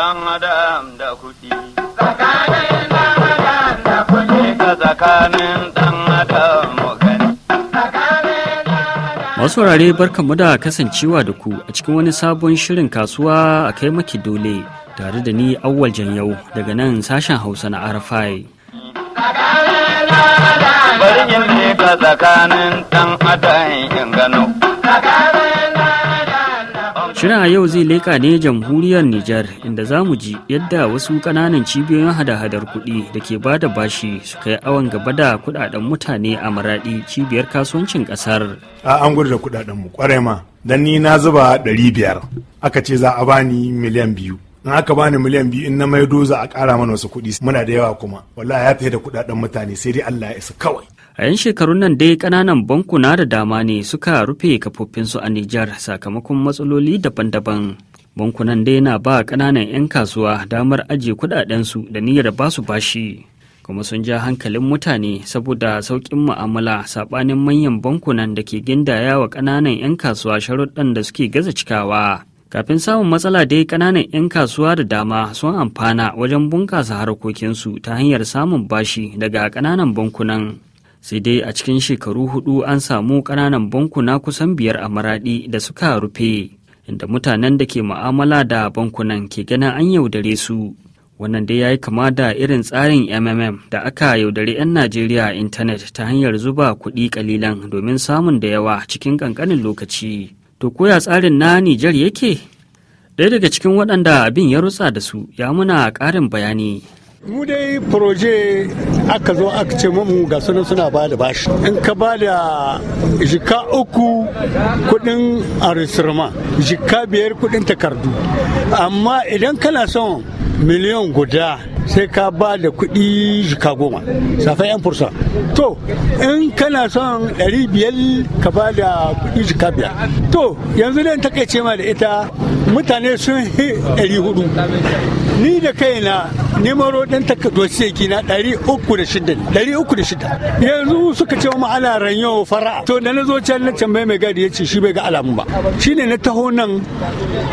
dan adam da kuɗi. Tsakanin dan adam da Ka tsakanin dan adam Masu da kasancewa da ku a cikin wani sabon shirin kasuwa a kai maki dole tare da ni awwal yau daga nan sashen hausa na arafai. Bari yin ka tsakanin dan adayin gano. Shirin a yau zai leƙa ne jamhuriyar Nijar inda za mu ji yadda wasu ƙananan cibiyoyin hada-hadar kuɗi da ke ba da bashi suka yi awon gaba da kuɗaɗen mutane a maraɗi cibiyar kasuwancin ƙasar. A an gudu da kuɗaɗen mu ƙwarai ma, dan ni na zuba ɗari biyar aka ce za a bani miliyan biyu. in aka bani miliyan biyu in na mai za a ƙara mana wasu kuɗi muna da yawa kuma wallahi ya fiye da kuɗaɗen mutane sai dai Allah ya isa kawai A 'yan shekarun nan dai ƙananan bankuna da dama ne suka rufe kafofinsu a Nijar sakamakon matsaloli daban-daban. Bankunan dai na ba ƙananan 'yan kasuwa damar ajiye kuɗaɗensu da niyyar ba su bashi. Kuma sun ja hankalin mutane saboda sauƙin mu'amala saɓanin manyan bankunan da ke gindaya wa ƙananan 'yan kasuwa sharuɗɗan da suke gaza cikawa. Kafin samun matsala dai ƙananan 'yan kasuwa da dama sun amfana wajen bunƙasa harkokinsu ta hanyar samun bashi daga ƙananan bankunan. sai dai a cikin shekaru hudu an samu kananan bankuna kusan biyar a maraɗi da suka rufe inda mutanen da ke ma'amala da bankunan ke ganin an yaudare su wannan dai ya yi kama da irin tsarin mmm da aka yaudari 'yan najeriya intanet ta hanyar zuba kuɗi kalilan domin samun da yawa cikin ƙanƙanin lokaci to koya tsarin na nijar yake ɗaya daga cikin waɗanda abin ya rutsa da su ya muna ƙarin bayani Mu dai proje aka zo aka ce mu ga sunan suna ba da bashi. In ka ba da jika uku kudin arisirma, jika biyar kudin takardu. Amma idan kana son miliyan guda sai ka ba da kudi jika goma safai yan fursa to in kana son ɗari biyar ka ba da kudi jika biyar to yanzu dan takaice ma da ita mutane sun ɗari hudu ni da kaina nemaro dan takardoshe kina ɗari uku da shida ɗari uku da shida yanzu suka ce mu ana ranyo fara to da na zo can na can mai gadi ya ce shi bai ga alamu ba shine na taho nan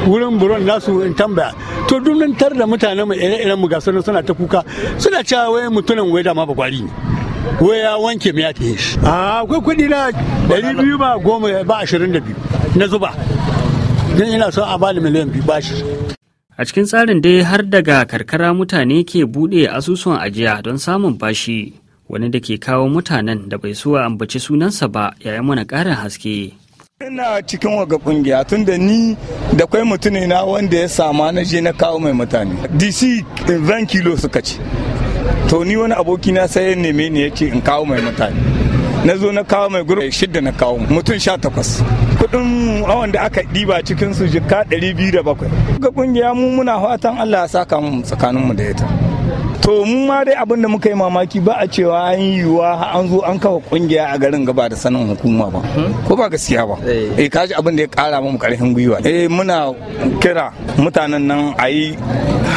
wurin buron nasu in tambaya to duk nan tar da mutane mu ire-iren mu sunan suna ta kuka suna cewa wai mutunan wai dama ba gwari ne wai ya wanke mu ya ta shi a akwai kuɗi na ɗari biyu ba goma ba ashirin da biyu na zuba don ina son a bani miliyan biyu bashi A cikin tsarin dai har daga karkara mutane ke buɗe asusun ajiya don samun bashi wani da ke kawo mutanen da bai so a ambaci sunansa ba yayin mana karin haske. ina cikin waga kungiya tunda ni da kwai mutune na wanda ya sama na je na kawo mai mutane dc 20 kilo suka ce to ni wani abokina sai ya neme ni ya ce in kawo mai mutane na zo na kawo mai gurbi shidda na kawo mutum sha takwas kudin awon da aka ɗiba cikin su jika ɗari biyu da bakwai ga ƙungiya mu muna fatan allah ya saka mu tsakaninmu da ita to mu ma dai abin da muka yi mamaki ba a cewa an yi yiwuwa an zo an kafa kungiya a garin gaba da sanin hukuma ba ko ba gaskiya ba eh, eh kaji abin da ya kara mu karfin gwiwa eh muna kira mutanen nan a yi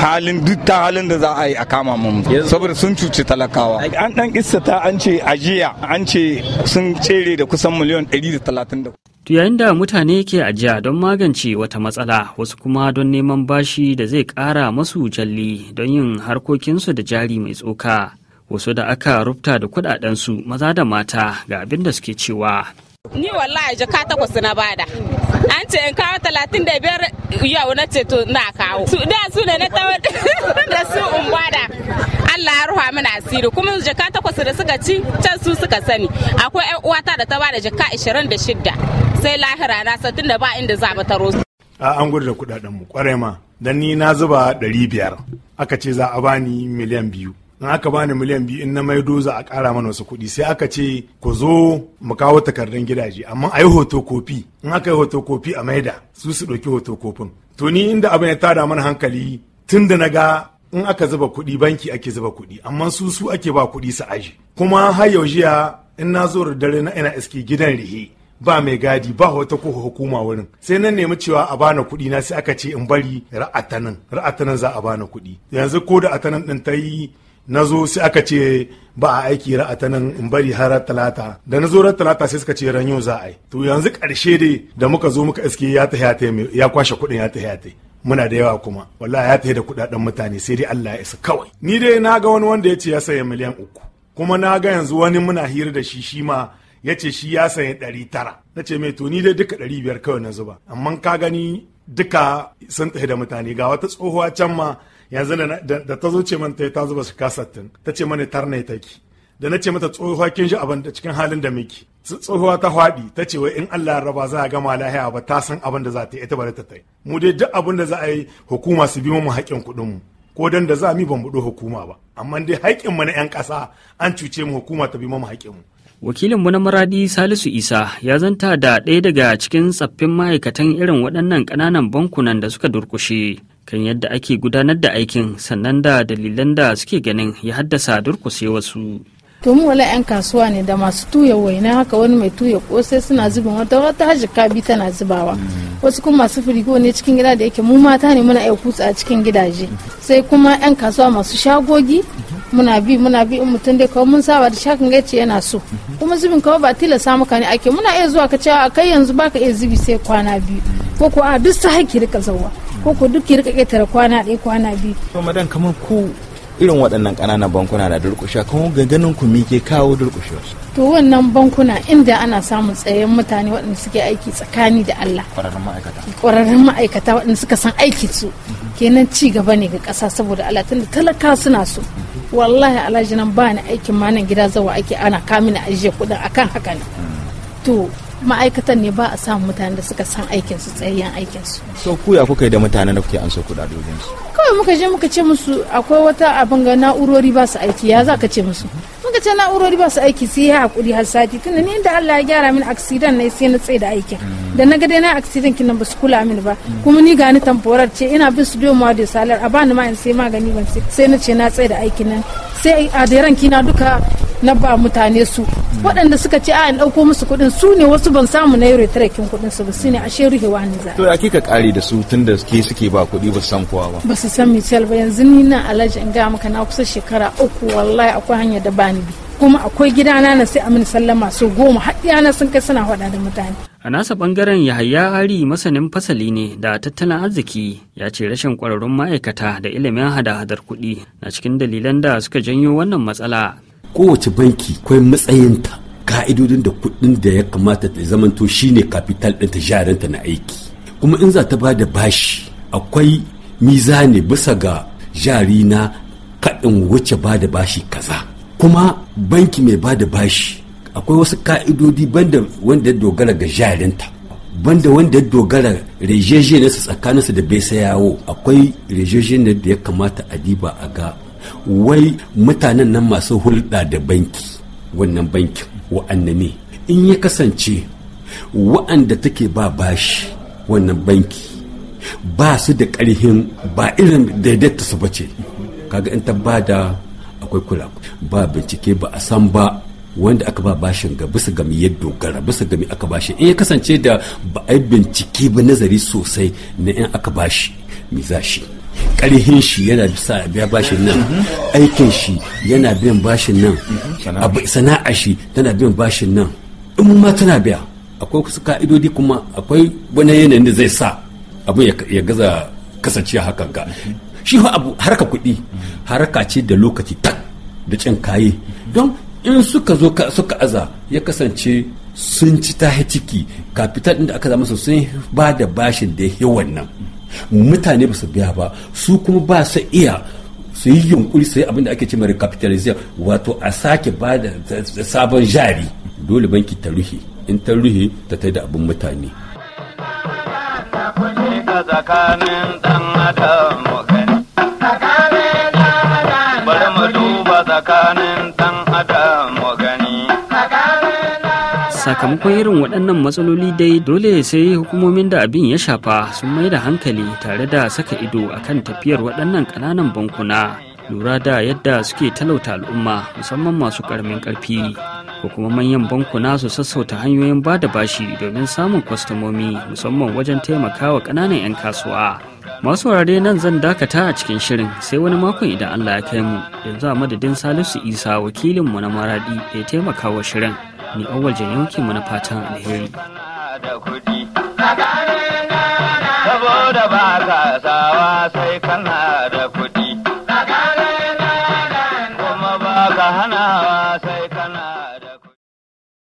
halin duk ta halin da za a yi a kama mu saboda sun cuci talakawa an dan kissa ta an ce ajiya an ce sun cere da kusan miliyan 130 To yayin da mutane ke ajiya don magance wata matsala wasu kuma don neman bashi da zai kara masu jalli don yin harkokinsu da jari mai tsoka. Wasu da aka rubta da kuɗaɗensu maza da mata ga abin da suke cewa. Ni wallahi jaka takwas na bada. An ce in kawo talatin da biyar yau na ce na kawo. Su da su ne na tawar da su in bada. Allah ya ruha mana asiri kuma jaka takwas da suka ci can su suka sani. Akwai 'yan uwata da ta bada jaka ashirin sai lahira na san tunda ba inda za ba taro a an gudu da kudaden mu kwarai ma dan ni na zuba 500 aka ce za a bani miliyan biyu in aka bani miliyan biyu in na mai doza a kara mana wasu kuɗi sai aka ce ku zo mu kawo takardun gidaje amma a yi hotokofi in aka yi hotokofi a maida su su ɗauki hotokofin to ni inda abin ya tada mana hankali tun da na ga in aka zuba kuɗi banki ake zuba kuɗi amma su su ake ba kuɗi su aji kuma har yau jiya in na zo da dare na ina iski gidan rihe ba mai gadi ba wata ko hukuma wurin sai nan nemi cewa a bana kuɗi na sai aka ce in bari ra'atanan ra'atanan za a bana kuɗi yanzu ko da atanan din ta yi na zo sai aka ce ba a aiki ra'atanin in bari har talata da na zo ran talata sai suka ce ran yau za a yi to yanzu karshe dai da muka zo muka iske ya ta ya ya kwashe kuɗin ya ta ya muna da yawa kuma wallahi ya ta da kuɗaɗen mutane sai dai Allah ya isa kawai ni dai na ga wani wanda ya ce ya saya miliyan uku kuma na ga yanzu wani muna hira da shi shi ma ya ce shi ya sayi ɗari tara na ce mai to ni dai duka ɗari biyar kawai na zuba amma ka gani duka sun tafi da mutane ga wata tsohuwa can ma yanzu da ta zo ce man ta ta zuba shika sattin ta ce mani tar ne take da na ce mata tsohuwa kin shi abin da cikin halin da muke tsohuwa ta haɗi ta ce wai in Allah ya raba za a gama lahiya ba ta san abin da za ta yi ita ba ta tai mu dai duk abin da za a yi hukuma su bi mu haƙƙin kuɗin mu ko dan da za mu ban buɗo hukuma ba amma dai haƙƙin mu na 'yan ƙasa an cuce mu hukuma ta bi mu haƙƙin mu wakilinmu na maradi salisu isa ya zanta da ɗaya daga cikin tsaffin ma'aikatan irin waɗannan ƙananan bankunan da suka durkushe kan yadda ake gudanar da aikin sannan da dalilan da suke ganin ya haddasa durkushe wasu to mu wala yan kasuwa ne da masu tuya waina haka wani mai tuya kosai suna zuba wata wata haji kabi tana zubawa mm. wasu kuma masu firigo ne cikin gida da yake mu mata ne muna iya kutsa a cikin gidaje sai kuma yan kasuwa masu shagogi mm-hmm. muna bi muna bi in mutum dai kawai mun saba da shakin gaci yana so mm-hmm. kuma zubin kawai ba tilasta samu ne ake muna iya zuwa ka ce a kai yanzu baka iya zubi sai kwana biyu ko ko a duk sai ki rika zauwa ko ko duk ki rika ƙetare kwana ɗaya kwana biyu to madan kamar ku irin waɗannan ƙananan bankuna da durƙusha kuma ga ganin ku mike kawo durƙusha. to wannan bankuna inda ana samun tsayen mutane waɗanda suke aiki tsakani da Allah ƙwararrun ma'aikata ƙwararrun ma'aikata waɗanda suka san aiki su kenan ci gaba ne ga ƙasa saboda Allah tunda talaka suna so wallahi alhaji nan ba ni aikin ma nan gida zawa ake ana mini ajiye kudin akan haka ne to ma'aikatan ne ba a samun mutane da suka san aikin su tsayayyen aikin su so ku ya kuka yi da mutanen da kuke an so dogin su kawai muka je muka ce musu akwai wata abin ga na'urori ba su aiki ya za ka ce musu lokacin na'urori ba su aiki sai ya hakuri har sati tunda ni inda Allah ya gyara min accident ne sai na tsaye da aiki da na ga dai na accident kinan ba su kula min ba kuma ni gani temporary ce ina bin su biyo ma da salar a bani ma in sai magani ban sai na ce na tsaye da aikin nan sai a da kina duka na ba mutane su waɗanda suka ce a ɗauko musu kuɗin su ne wasu ban samu na yare tarakin kuɗin su ba su ne a ashe ruhewa ne za to ya kika kare da su tun da ke suke ba kuɗi ba san kowa ba ba su san misal ba yanzu ni na alhaji in gaya maka na kusa shekara uku wallahi akwai hanya da bani bi kuma akwai gidana na sai amin sallama so goma haɗiyana sun kai suna faɗa da mutane. A nasa ɓangaren Yahaya Ari masanin fasali ne da tattalin arziki ya ce rashin ƙwararrun ma'aikata da ilimin hada-hadar kuɗi na cikin dalilan da suka janyo wannan matsala. kowace banki akwai matsayinta ka'idodin da kuɗin da ya kamata ta zamanto shine kapital ɗinta jaranta na aiki kuma in za ta ba da bashi akwai miza ne bisa ga jari na kaɗin wuce ba da bashi kaza kuma banki mai ba da bashi akwai wasu ka'idodi banda wanda ya dogara ga jarinta banda wanda ya dogara rejejenarsa tsakaninsa da bai sayawo akwai rejejenar da ya kamata a diba a ga wai mutanen nan masu hulɗa da banki wannan bankin wa'anne ne in ya kasance wa'anda take ba bashi wannan banki ba su da ƙarhin ba irin daidaita su bace kaga in ta ba akwai kula ba bincike ba a san ba wanda aka ba bashin ga bisa ga ya dogara bisa ga aka bashi in ya kasance da ba a yi bincike ba nazari sosai na in aka bashi mi za shi karhin shi yana bisa biya bashin nan aikin shi yana biyan bashin nan sana'a shi tana biyan bashin nan in ma tana biya akwai kusa ka'idodi kuma akwai wani yanayin da zai sa abu ya gaza a hakan ka shi abu harka kuɗi harka ce da lokaci tak da cin kayi don in suka zo suka aza ya kasance sun ci ta ciki kafital ɗin da aka zama sun ba da bashin da ya nan mutane ba su biya ba su kuma ba su iya su yi yunkuri su yi abin da ake ce mai wato a sake ba da sabon jari dole banki ta ruhe in ta ruhe ta tai da abin mutane tsakanin dan adam sakamakon irin waɗannan matsaloli dai dole sai hukumomin da abin ya shafa sun mai da hankali tare da saka ido akan tafiyar waɗannan ƙananan bankuna lura da yadda suke talauta al'umma musamman masu ƙaramin ƙarfi ko kuma manyan bankuna su sassauta hanyoyin bada bashi domin samun kwastomomi musamman wajen taimakawa ƙananan 'yan kasuwa masu saurare nan zan dakata a cikin shirin sai wani makon idan allah ya kai mu yanzu a madadin salisu isa wakilin mu na maradi da ya taimaka wa shirin ni awal yankin mu na fatan alheri saboda ba ka sawa sai kana da